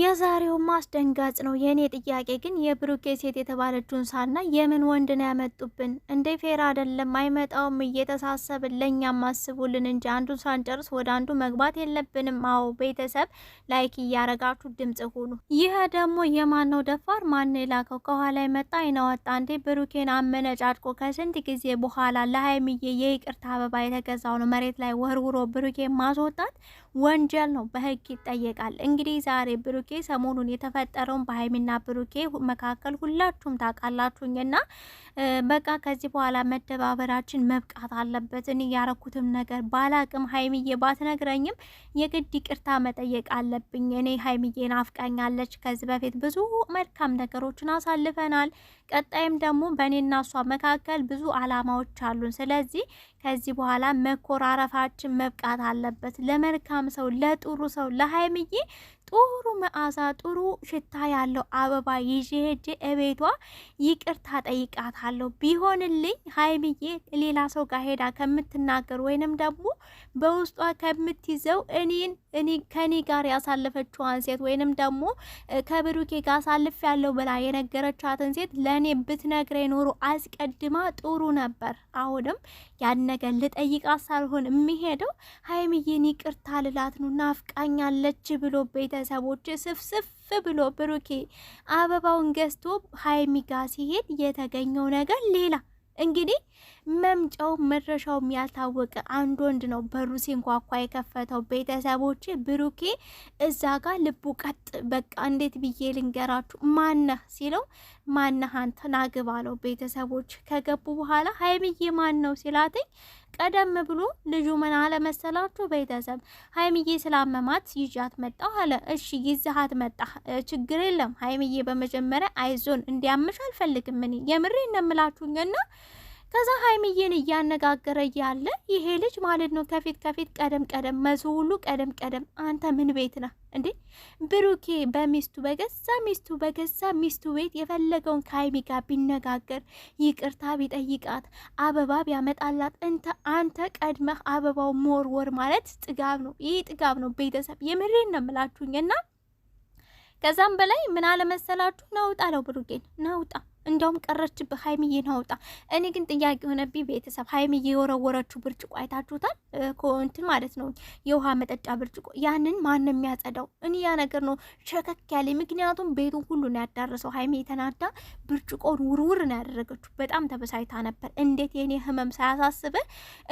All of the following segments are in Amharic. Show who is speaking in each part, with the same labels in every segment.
Speaker 1: የዛሬው ማስደንጋጽ ነው። የእኔ ጥያቄ ግን የብሩኬ ሴት የተባለችውን ሳና የምን ወንድ ነው ያመጡብን እንዴ? ፌራ አይደለም አይመጣውም። እየተሳሰብን ለእኛም አስቡልን እንጂ አንዱን ሳንጨርስ ወደ አንዱ መግባት የለብንም። አዎ ቤተሰብ ላይክ እያረጋችሁ ድምጽ ሁኑ። ይህ ደግሞ የማን ነው? ደፋር ማን የላከው? ከኋላ መጣ አይናወጣ እንዴ? ብሩኬን አመነጫጭቆ ከስንት ጊዜ በኋላ ለሀይምዬ የይቅርታ አበባ የተገዛው ነው መሬት ላይ ወርውሮ ብሩኬን ማስወጣት ወንጀል ነው፣ በህግ ይጠየቃል። እንግዲህ ዛሬ ብሩ ብሩኬ ሰሞኑን የተፈጠረውን በሀይሚና ብሩኬ መካከል ሁላችሁም ታውቃላችሁኝ እና በቃ ከዚህ በኋላ መደባበራችን መብቃት አለበት። እኔ ያረኩትም ነገር ባላቅም ሀይሚዬ ባትነግረኝም የግድ ይቅርታ መጠየቅ አለብኝ። እኔ ሀይሚዬ ናፍቃኛለች። ከዚህ በፊት ብዙ መልካም ነገሮችን አሳልፈናል። ቀጣይም ደግሞ በእኔና እሷ መካከል ብዙ አላማዎች አሉን። ስለዚህ ከዚህ በኋላ መኮራረፋችን መብቃት አለበት። ለመልካም ሰው፣ ለጥሩ ሰው ለሀይምዬ ጥሩ መዓዛ ጥሩ ሽታ ያለው አበባ ይዤ ሄጄ እቤቷ ይቅርታ ጠይቃታለሁ። ቢሆንልኝ ሀይሚዬ ሌላ ሰው ጋር ሄዳ ከምትናገር ወይንም ደግሞ በውስጧ ከምትይዘው እኔን እኔ ከኔ ጋር ያሳለፈችዋን ሴት ወይንም ደግሞ ከብሩኬ ጋር አሳልፍ ያለው ብላ የነገረቻትን ሴት ለእኔ ብትነግረኝ ኖሮ አስቀድማ ጥሩ ነበር። አሁንም ያን ነገር ልጠይቃት ሳልሆን የሚሄደው ሀይሚዬን ይቅርታ ልላት ነው ናፍቃኛለች ብሎ ቤተ ቤተሰቦች ስፍስፍ ብሎ ብሩኬ አበባውን ገዝቶ ሀይሚ ጋ ሲሄድ የተገኘው ነገር ሌላ። እንግዲህ መምጫው መድረሻውም ያልታወቀ አንድ ወንድ ነው በሩ ሲንኳኳ የከፈተው። ቤተሰቦች ብሩኬ እዛ ጋር ልቡ ቀጥ በቃ እንዴት ብዬ ልንገራችሁ ማነህ ሲለው ማናሃን ተናግባለው ቤተሰቦች ከገቡ በኋላ ሀይምዬ ማን ነው ሲላትኝ ቀደም ብሎ ልጁ ምን አለ መሰላችሁ ቤተሰብ ሀይምዬ ስላመማት ይዣት መጣሁ አለ። እሺ ይዘሃት መጣ፣ ችግር የለም ሀይምዬ። በመጀመሪያ አይዞን እንዲያምሽ አልፈልግም። እኔ የምሬ እነምላችሁኝና ከዛ ሀይሚዬን እያነጋገረ እያለ ይሄ ልጅ ማለት ነው ከፊት ከፊት ቀደም ቀደም መሱ ሁሉ ቀደም ቀደም አንተ ምን ቤት ነህ እንዴ? ብሩኬ በሚስቱ በገዛ ሚስቱ በገዛ ሚስቱ ቤት የፈለገውን ከሀይሚ ጋር ቢነጋገር ይቅርታ ቢጠይቃት አበባ ቢያመጣላት እንተ አንተ ቀድመህ አበባው መወርወር ማለት ጥጋብ ነው። ይህ ጥጋብ ነው። ቤተሰብ የምሬን ነው የምላችሁኝ እና ከዛም በላይ ምን አለመሰላችሁ ነውጣ ለው ብሩኬን ነውጣ እንደውም ቀረችብህ ሀይሚዬ ነው አውጣ። እኔ ግን ጥያቄ የሆነብኝ ቤተሰብ ሀይሚዬ የወረወረችው ብርጭቆ አይታችሁታል? እንትን ማለት ነው የውሃ መጠጫ ብርጭቆ፣ ያንን ማን የሚያጸዳው? እኔ ያ ነገር ነው ሸከክ ያለ። ምክንያቱም ቤቱን ሁሉ ነው ያዳረሰው። ሀይሚ የተናዳ ብርጭቆን ውርውር ነው ያደረገችው። በጣም ተበሳይታ ነበር። እንዴት የኔ ህመም ሳያሳስብ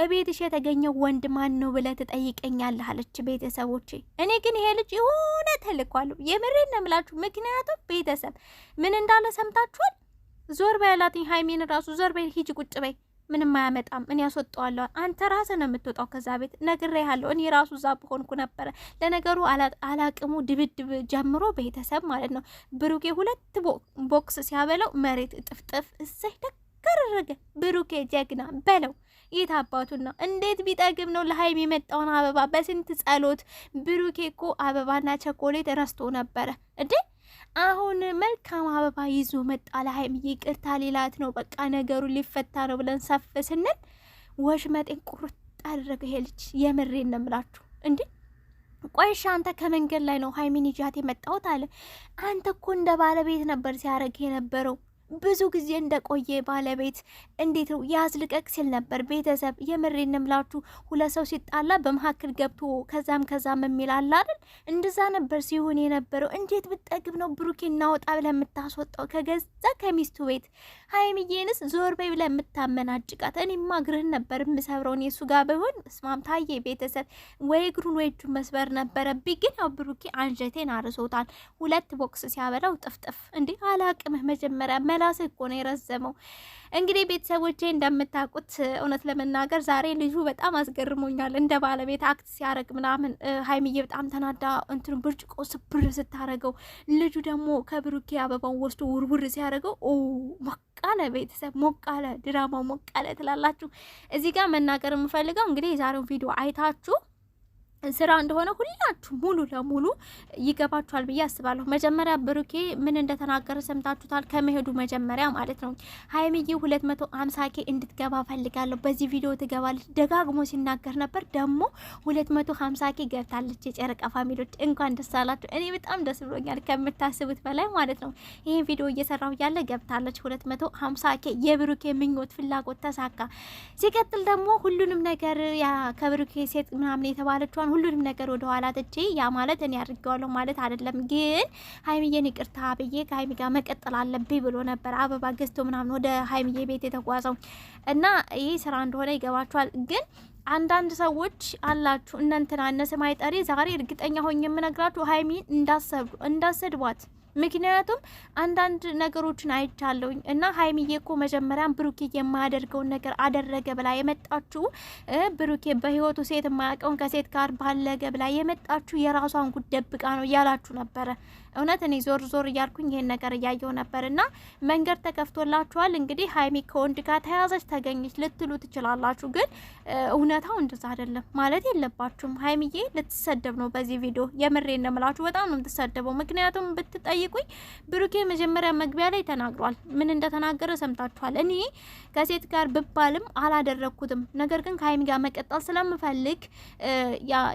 Speaker 1: እቤትሽ የተገኘው ወንድ ማን ነው ብለህ ትጠይቀኛለህ አለች። ቤተሰቦቼ እኔ ግን ይሄ ልጅ የሆነ ተልኳለሁ። የምሬን ነው የምላችሁ። ምክንያቱም ቤተሰብ ምን እንዳለ ሰምታችኋል። ዞር በይ አላትኝ። ሀይሜን ራሱ ዞር በይ ሂጂ፣ ቁጭ በይ፣ ምንም አያመጣም፣ እኔ ያስወጣዋለሁ። አንተ ራስህ ነው የምትወጣው ከዛ ቤት፣ ነግሬሃለሁ። እኔ ራሱ እዛ በሆንኩ ነበረ። ለነገሩ አላቅሙ ድብድብ ጀምሮ ቤተሰብ ማለት ነው ብሩኬ ሁለት ቦክስ ሲያበለው መሬት ጥፍጥፍ እሰይ ደረገ። ብሩኬ ጀግና በለው የት አባቱና እንዴት ቢጠግብ ነው ለሀይም የመጣውን አበባ በስንት ጸሎት። ብሩኬ እኮ አበባና ቸኮሌት ረስቶ ነበረ እንዴ አሁን መልካም አበባ ይዞ መጣ። ለሀይምዬ ይቅርታ ሌላት ነው በቃ ነገሩ ሊፈታ ነው ብለን ሰፍ ስንል ወሽመጤን ቁርጥ አደረገ ይሄ ልጅ። የምሬን ነው እንዴ ቆይሽ አንተ ከመንገድ ላይ ነው ሀይሚን ይዣት የመጣሁት አለ። አንተ እኮ እንደ ባለቤት ነበር ሲያደርግ የነበረው ብዙ ጊዜ እንደቆየ ባለቤት እንዴት ነው ያዝ ልቀቅ ሲል ነበር። ቤተሰብ የምሬን ምላችሁ ሁለት ሰው ሲጣላ በመካከል ገብቶ ከዛም ከዛም የሚል አለ አይደል? እንደዛ ነበር ሲሆን የነበረው። እንዴት ብጠግብ ነው ብሩኬ እናወጣ ብለ የምታስወጣው ከገዛ ከሚስቱ ቤት? ሀይሚዬንስ ዞር በይ ብለ የምታመናጭቃት? እኔማ እግርህን ነበር የምሰብረውን የሱ ጋር በሆን እስማም ታዬ ቤተሰብ ወይ እግሩን ወይ እጁን መስበር ነበረብኝ። ግን ያው ብሩኬ አንጀቴን አርሶታል። ሁለት ቦክስ ሲያበላው ጥፍጥፍ እንዴ አላቅምህ መጀመሪያ ምላስ እኮ ነው የረዘመው። እንግዲህ ቤተሰቦቼ እንደምታውቁት እውነት ለመናገር ዛሬ ልጁ በጣም አስገርሞኛል። እንደ ባለቤት አክት ሲያደርግ ምናምን ሀይሚዬ በጣም ተናዳ እንትን ብርጭቆ ስብር ስታደርገው፣ ልጁ ደግሞ ከብሩኬ አበባውን ወስዶ ውርውር ሲያደርገው ሞቃለ ቤተሰብ ሞቃለ ድራማው ሞቃለ ትላላችሁ። እዚህ ጋር መናገር የምፈልገው እንግዲህ የዛሬውን ቪዲዮ አይታችሁ ስራ እንደሆነ ሁላችሁ ሙሉ ለሙሉ ይገባችኋል ብዬ አስባለሁ። መጀመሪያ ብሩኬ ምን እንደተናገረ ሰምታችሁታል። ከመሄዱ መጀመሪያ ማለት ነው ሀይሚዬ ሁለት መቶ ሀምሳ ኬ እንድትገባ ፈልጋለሁ በዚህ ቪዲዮ ትገባለች ደጋግሞ ሲናገር ነበር። ደግሞ ሁለት መቶ ሀምሳ ኬ ገብታለች። የጨረቃ ፋሚሊዎች እንኳን ደስ አላችሁ። እኔ በጣም ደስ ብሎኛል ከምታስቡት በላይ ማለት ነው። ይህን ቪዲዮ እየሰራሁ እያለ ገብታለች ሁለት መቶ ሀምሳ ኬ የብሩኬ ምኞት ፍላጎት ተሳካ። ሲቀጥል ደግሞ ሁሉንም ነገር ከብሩኬ ሴት ምናምን የተባለችዋን ሁሉንም ነገር ወደ ኋላ ትቼ ያ ማለት እኔ አድርጌዋለሁ ማለት አይደለም፣ ግን ሀይሚዬን ይቅርታ ብዬ ከሀይሚ ጋር መቀጠል አለብኝ ብሎ ነበር አበባ ገዝቶ ምናምን ወደ ሀይሚዬ ቤት የተጓዘው እና ይህ ስራ እንደሆነ ይገባችኋል ግን አንዳንድ ሰዎች አላችሁ እናንተን አነሰ ጠሪ ዛሬ እርግጠኛ ሆኜ የምነግራችሁ ሀይሚን እንዳሰድቧት ምክንያቱም አንዳንድ ነገሮችን አይቻለውኝ እና ሀይሚዬ እኮ መጀመሪያም ብሩኬ የማያደርገውን ነገር አደረገ ብላ የመጣችሁ ብሩኬ በህይወቱ ሴት የማያውቀውን ከሴት ጋር ባለገ ብላ የመጣችሁ የራሷን ጉድ ደብቃ ነው እያላችሁ ነበረ። እውነት እኔ ዞር ዞር እያልኩኝ ይህን ነገር እያየው ነበር እና መንገድ ተከፍቶላችኋል። እንግዲህ ሀይሚ ከወንድ ጋር ተያዘች ተገኘች ልትሉ ትችላላችሁ፣ ግን እውነታው እንደዛ አይደለም ማለት የለባችሁም። ሀይሚዬ ልትሰደብ ነው በዚህ ቪዲዮ። የምሬ እንደምላችሁ በጣም ነው የምትሰደበው ምክንያቱም ብትጠይ ብትጠይቁኝ ብሩኬ መጀመሪያ መግቢያ ላይ ተናግሯል። ምን እንደተናገረ ሰምታችኋል። እኔ ከሴት ጋር ብባልም አላደረግኩትም። ነገር ግን ከሀይሚ ጋር መቀጠል ስለምፈልግ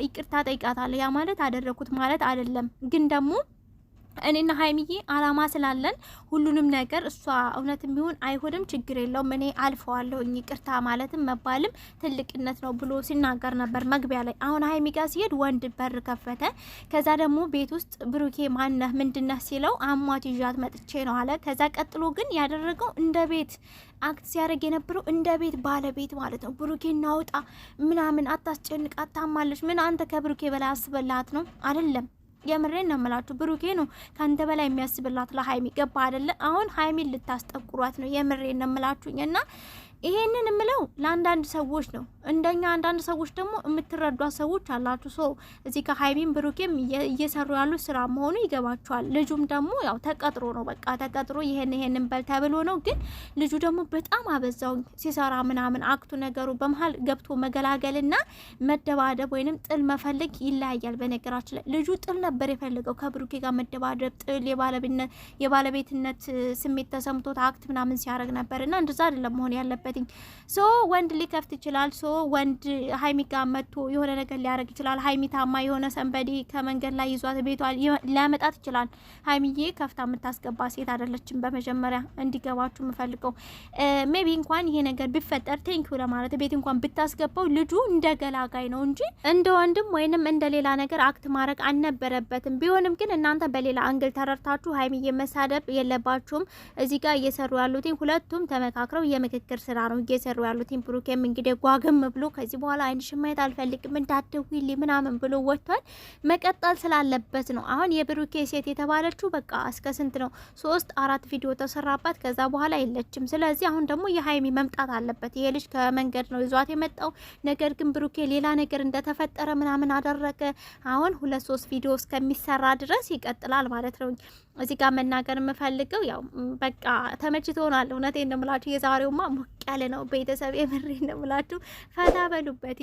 Speaker 1: ይቅርታ ጠይቃታለሁ። ያ ማለት አደረግኩት ማለት አይደለም ግን ደግሞ እኔና ሀይሚዬ አላማ ስላለን ሁሉንም ነገር እሷ እውነትም ቢሆን አይሆንም፣ ችግር የለውም እኔ አልፈዋለሁ፣ እኚህ ይቅርታ ማለትም መባልም ትልቅነት ነው ብሎ ሲናገር ነበር መግቢያ ላይ። አሁን ሀይሚ ጋር ሲሄድ ወንድ በር ከፈተ። ከዛ ደግሞ ቤት ውስጥ ብሩኬ ማነህ ምንድነህ ሲለው አሟት ይዣት መጥቼ ነው አለ። ከዛ ቀጥሎ ግን ያደረገው እንደ ቤት አክት ሲያደርግ የነበረው እንደ ቤት ባለቤት ማለት ነው። ብሩኬ እናውጣ ምናምን አታስጨንቅ፣ አታማለች ምን አንተ ከብሩኬ በላይ አስበላት ነው አይደለም የምሬን ነው የምላችሁ። ብሩኬ ነው ከአንተ በላይ የሚያስብላት ለሀይሚ ገባ አይደለ? አሁን ሀይሚን ልታስጠቁሯት ነው። የምሬን ነው የምላችሁኝ እና ይሄንን የምለው ለአንዳንድ ሰዎች ነው። እንደኛ አንዳንድ ሰዎች ደግሞ የምትረዷት ሰዎች አላችሁ። ሰው እዚህ ከሀይሚን ብሩኬም እየሰሩ ያሉት ስራ መሆኑ ይገባቸዋል። ልጁም ደግሞ ያው ተቀጥሮ ነው፣ በቃ ተቀጥሮ ይሄን ይሄንን በል ተብሎ ነው። ግን ልጁ ደግሞ በጣም አበዛው ሲሰራ ምናምን አክቱ ነገሩ በመሀል ገብቶ መገላገልና መደባደብ ወይንም ጥል መፈለግ ይለያያል። በነገራችን ላይ ልጁ ጥል ነበር የፈለገው ከብሩኬ ጋር መደባደብ፣ ጥል፣ የባለቤትነት ስሜት ተሰምቶት አክት ምናምን ሲያደርግ ነበር እና እንደዛ አይደለም መሆን ያለበት አለበትኝ። ሶ ወንድ ሊከፍት ይችላል። ሶ ወንድ ሀይሚ ጋር መጥቶ የሆነ ነገር ሊያደርግ ይችላል። ሀይሚ ታማ የሆነ ሰንበዴ ከመንገድ ላይ ይዟት ቤቷ ሊያመጣት ይችላል። ሀይሚዬ ከፍታ የምታስገባ ሴት አይደለችም። በመጀመሪያ እንዲገባችሁ የምፈልገው ሜቢ እንኳን ይሄ ነገር ቢፈጠር ቴንኪው ለማለት ቤት እንኳን ብታስገባው ልጁ እንደ ገላጋይ ነው እንጂ እንደ ወንድም ወይንም እንደ ሌላ ነገር አክት ማድረግ አልነበረበትም። ቢሆንም ግን እናንተ በሌላ አንግል ተረድታችሁ ሀይሚዬ መሳደብ የለባችሁም። እዚህ ጋር እየሰሩ ያሉት ሁለቱም ተመካክረው የምክክር ስራ ስራ ነው እየሰሩ ያሉት። ብሩኬም እንግዲህ ጓግም ብሎ ከዚህ በኋላ አይንሽን ማየት አልፈልግም እንዳትደውይልኝ ምናምን ብሎ ወጥቷል። መቀጠል ስላለበት ነው። አሁን የብሩኬ ሴት የተባለችው በቃ እስከ ስንት ነው ሶስት አራት ቪዲዮ ተሰራባት። ከዛ በኋላ የለችም። ስለዚህ አሁን ደግሞ የሀይሚ መምጣት አለበት። ይሄ ልጅ ከመንገድ ነው ይዟት የመጣው ነገር ግን ብሩኬ ሌላ ነገር እንደተፈጠረ ምናምን አደረገ። አሁን ሁለት ሶስት ቪዲዮ እስከሚሰራ ድረስ ይቀጥላል ማለት ነው። እዚህ ጋር መናገር የምፈልገው ያው በቃ ተመችቶናል። እውነቴን ነው የምላችሁ የዛሬውማ ያለ ነው ቤተሰብ የምሬ ነው ብላችሁ ፈታ በሉበት።